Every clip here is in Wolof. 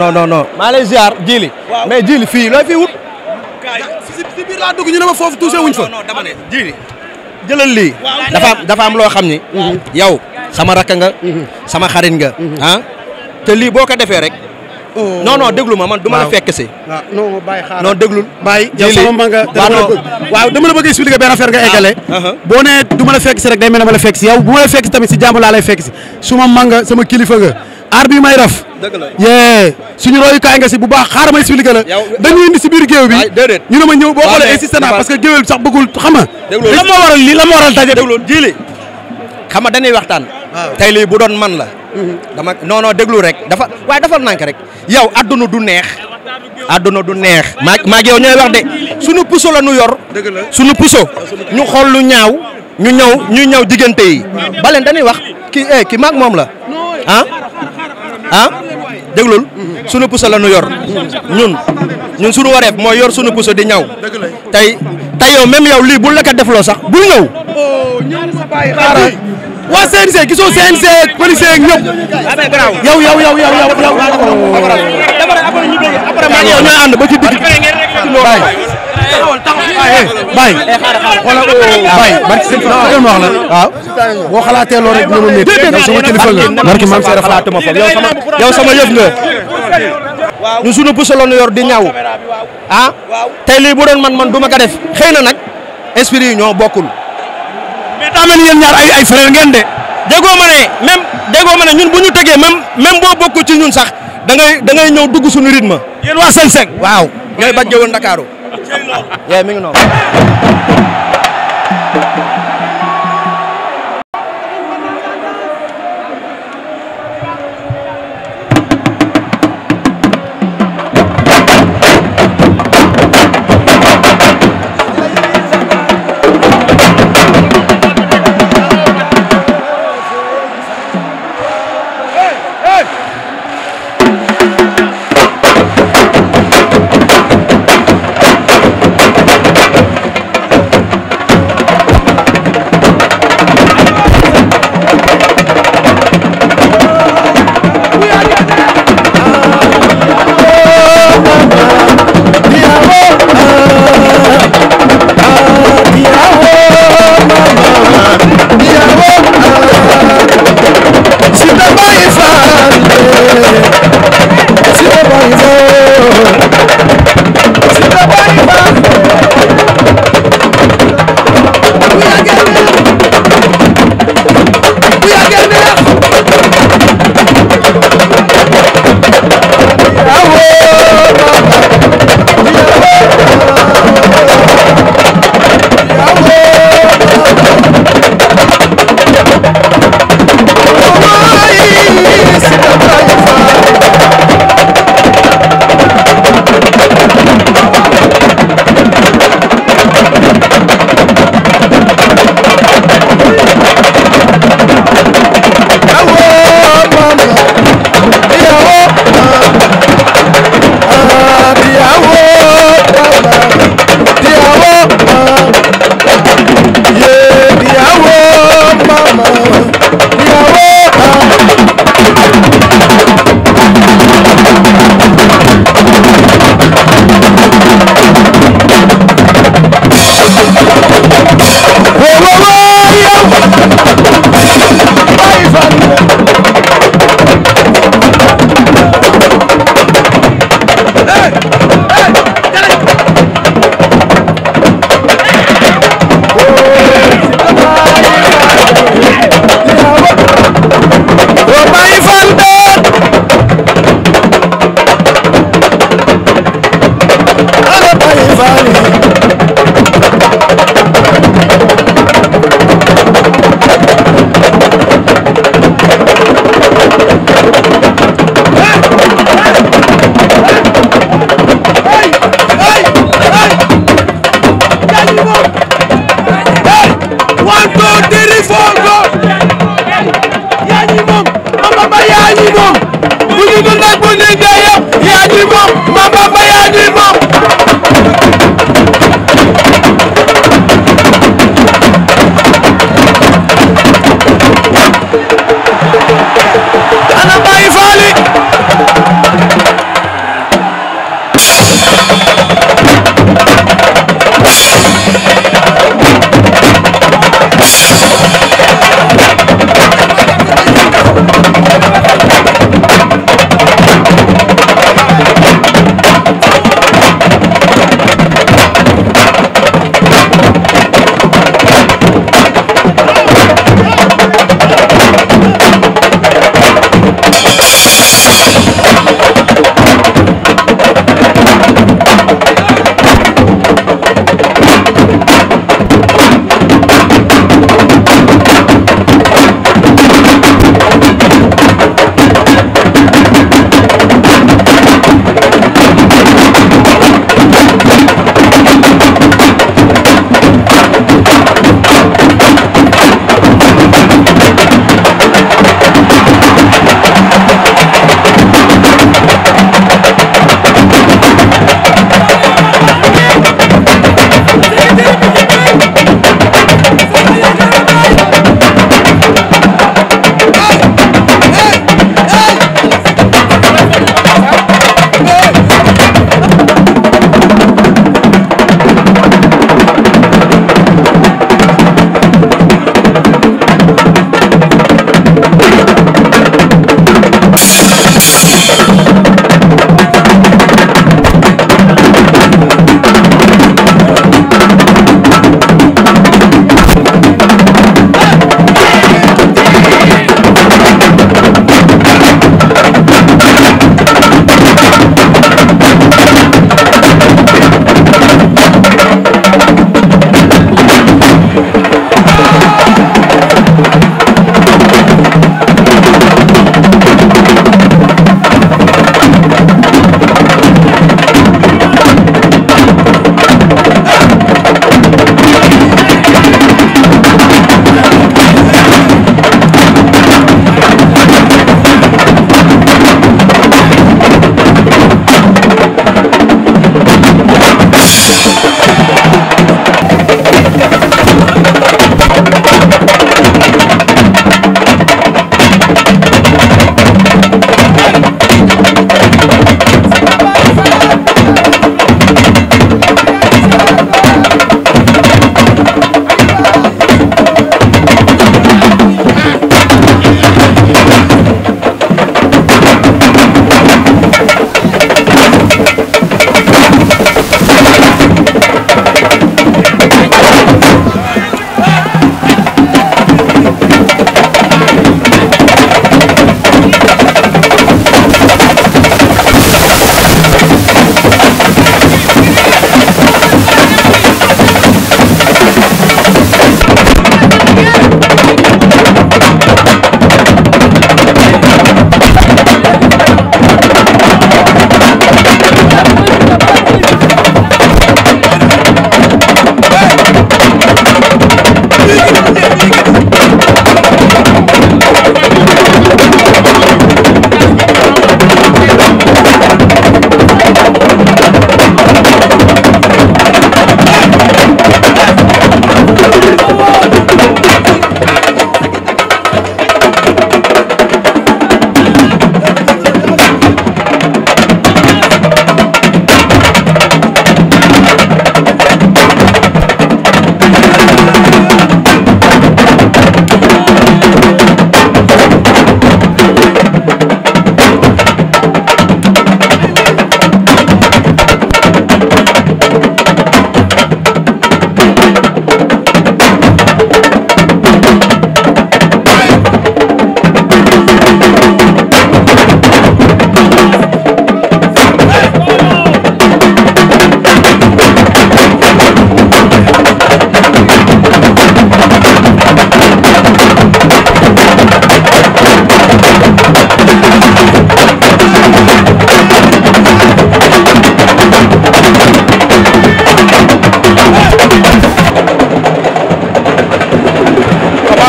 non non non maa lay ziar fii looy fii wut. ñu ne foofu touché wuñ fa. non dama ne jili jëlal lii. dafa am loo xam ni. yow sama rakk nga. Mhm. sama xarit nga. Mhm. ah te lii boo ko defee rek. Oh. non non déglu ma man du ma la fekk si. waaw ah, non bàyyi xaaral non déglul. bàyyi yow sama ma nga waaw dama la bëgg expliquer benn affaire nga ah. eggale. Uh-huh. boo nee du ma la fekk rek day mel la fekk yaw bu ma la fekk si tamit si jàmm laa lay fekk si. su ma ma sama kilifa nga. aar bi may raf yee suñu royukaay nga si bu baax xaaral ma expliqué la dañu indi si biir géew bi ñu ne ma ñëw boo xoolee insisté naa parce que géwél sax bëggul xam nga lan moo waral lii lan moo waral daje jili xam waxtaan tey lii bu doon man la dama non non déglu rek dafa waaye defal nànk rek yow àdduna du neex àdduna du neex maa maa yow ñooy wax de suñu puso la ñu yor suñu puso ñu xool lu ñaaw ñu ñaw ñu ñaw diggante yi baleen dañuy wax kii eh, ki maak moom la ah sunu puso la nu yor ñun ñun sunu wareef mooy yor sunu puso di ñaw tey tey yow même yow lii bu la ko defloo sax bu ñëw. Oh, waa CNG gisoo CNG ak policier ak ñëpp. yow yow yow yow yow yow. après après après après après après après après après bay xoolal bay barki sëñ fa dëggal ma wax la waaw boo xalaatee loolu rek dina ma métti sama téléphone la barki maam seera xalaatuma sama yow sama yëf nga ñu suñu pusaloon yor di ñaaw ah tey lii bu doon man man duma ko def xëy na nag esprit yi ñoo bokkul mais daa mel yéen ñaar ay ay de déggoo ma ne même déggoo ma ne ñun bu ñu tegee même même boo bokkul ci ñun sax da da ngay ñëw dugg suñu rythme yéen waa Sensek waaw ñooy bajjëwoon Ndakaaru yee mi ngi noonu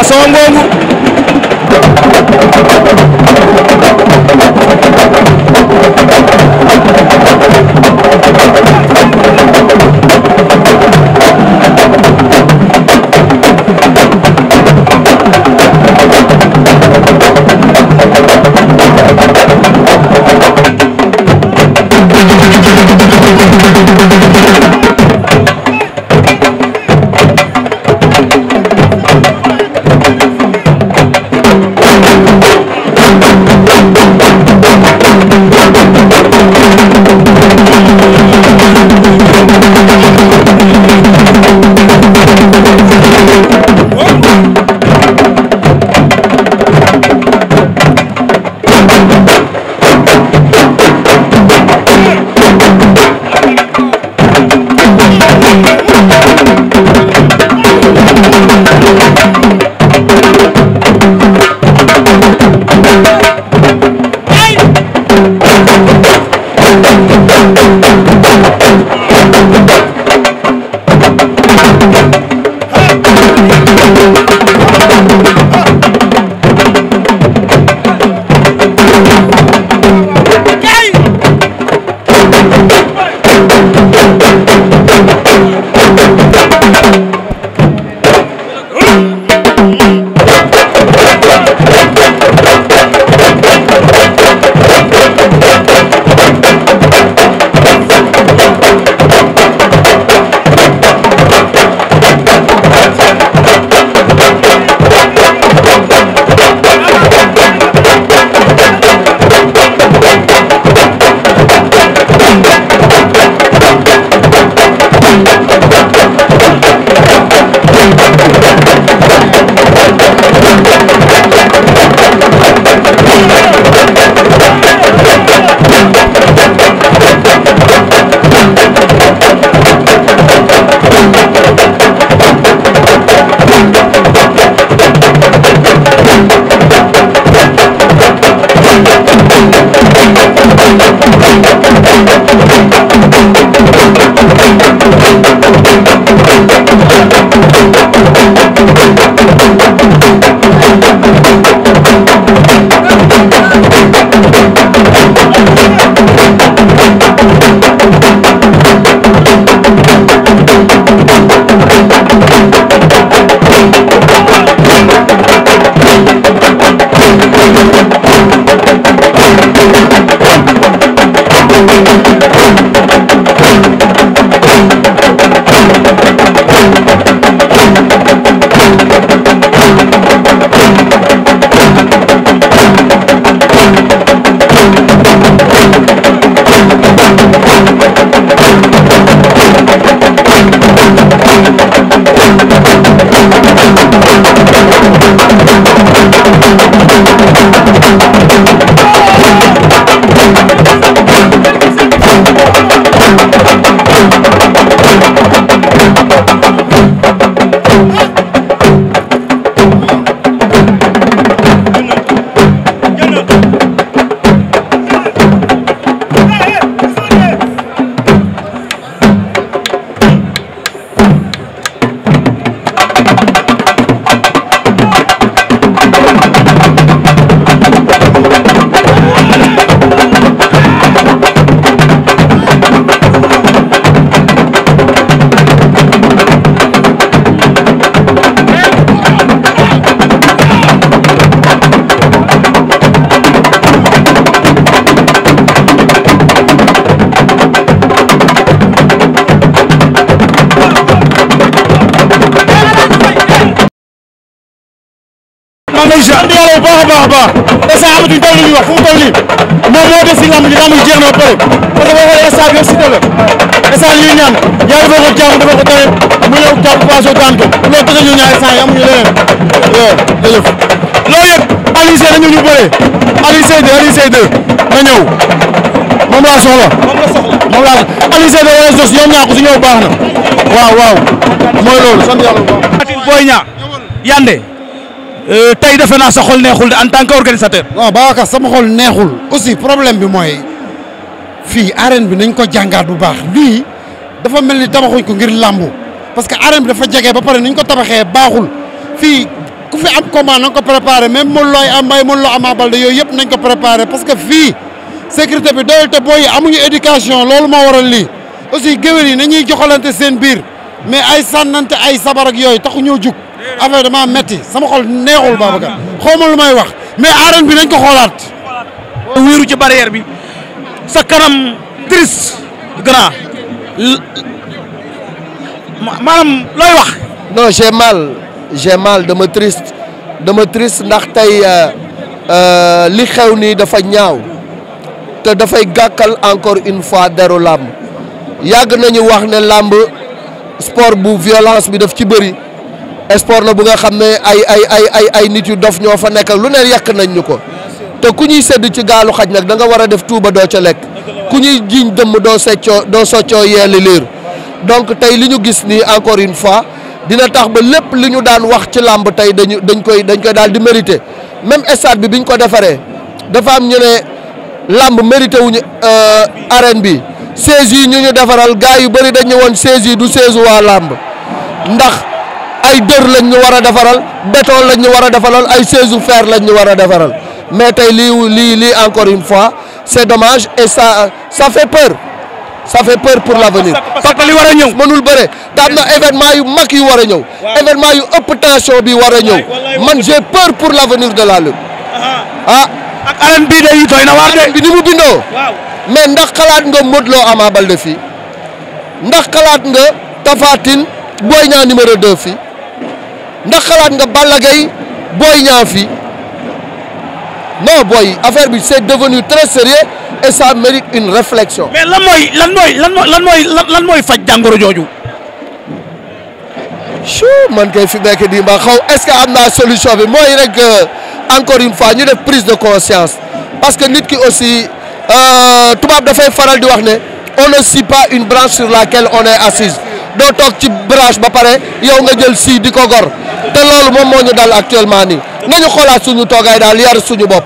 Gasson Ngongu incha allah yàlla bu baax a baax a baax parce que amatuñ toll ñu wax fu mu toll nii moom moo des si lamb ji lamb ji jeex na ba pare parce que boo xoolee instant bi yëpp si dëgg la instant ñuy ñaan yàlla dafa ko jàmm dafa ko tawee mu ñëw jàpp paasoo daan ko loolu tax ñu ñaan instant yi amuñu leneen waaw jërëjëf loolu yëpp Aliou ñu bëree Aliou Seye na ñëw moom laa soxla moom la soxla moom laa soxla Aliou Seye 2 wala sos ñoom ñaa ko si ñëw baax na waaw waaw mooy loolu sant yàlla bu baax Euh, tey defe naa sa xol neexul de en tant que organisateur. waaw Babacar sama xol neexul aussi problème bi mooy fii arène bi nañ ko jàngaat bu baax lii dafa mel ni tabaxuñ ko ngir làmbu parce que arène bi dafa jege ba pare ni ko tabaxee baaxul fii ku fi am combat na ko préparé même Modou Lo ay am Mbaye Modou Lo Ama Baldé yooyu yëpp nañ ko préparé parce que fii sécurité bi doyul te booy yi amuñu éducation loolu moo waral lii aussi géwél yi nañuy joxalante seen biir mais ay sànnante ay sabar yooyu taxu jug. affaire dama metti sama xol neexul Babacar xaw ma lu may wax mais arène bi nañ ko xoolaat. wéeru ci barrière bi sa kanam triste grand maanaam looy wax. non j'ai mal j'ai dama triste dama triste ndax tey euh, euh, li xew nii dafa ñaaw te dafay gàkkal encore une fois deru làmb yàgg nañu wax ne làmb sport bu violence bi def ci bëri. sport la bu nga xam ne ay ay ay ay ay nit yu dof ñoo fa nekk lu ne yàq nañ ñu ko te ku ñuy sedd ci gaalu xaj nag da nga war a def tuuba doo ca lekk ku ñuy jiiñ dëmm doo seccoo doo soccoo yeeli liir donc tey li ñu gis nii encore une fois dina tax ba lépp li ñu daan wax ci làmb tey dañu dañ koy dañ koy daal di mérité même stade bi bi ñu ko defaree dafa am ñenee làmb mérité wuñu euh, arène bi sièges yi ñu ñu defaral gars yu bëri dañu woon sièges du siège waa làmb ndax ay dër lañ ñu war defaral béton lañ ñu war a defaral ay chaise u fer lañ ñu war a defaral mais tey lii lii lii encore une fois c'est dommage et ça ça fait peur ça fait peur pour l'avenir parce que li war a ñëw mënul bëre te am na événement yu mag yu war a ñëw événement yu ëpp tension bi war a ñëw man j'ai peur pour l'avenir de la lutte ah ak bii de yi tooy na waar de bi ni mu bindoo mais ndax xalaat nga Modou Lo Ama Baldé fii ndax xalaat nga Tapha booy Boy numéro 2 fii ndax xalaat nga Balla Gaye Boy Niang fii non boy affaire bi c'est devenu très sérieux et sa mérite une réflexion. mais lan mooy lan mooy lan mooy lan mooy lan mooy faj jàngoro jooju. chou man kay fi nekk di ma xaw est-ce que am naa solution bi mooy rek euh, encore une fois ñu ne prise de conscience parce que nit ki aussi euh, tubaab dafay faral di wax ne on ne scie pas une branche sur laquelle on est assise. doo toog ci branche ba pare yow nga jël sii di ko gor te loolu moom moo ñu dal actuellement ni nañu xoolaat suñu toogaay daal yar suñu bopp.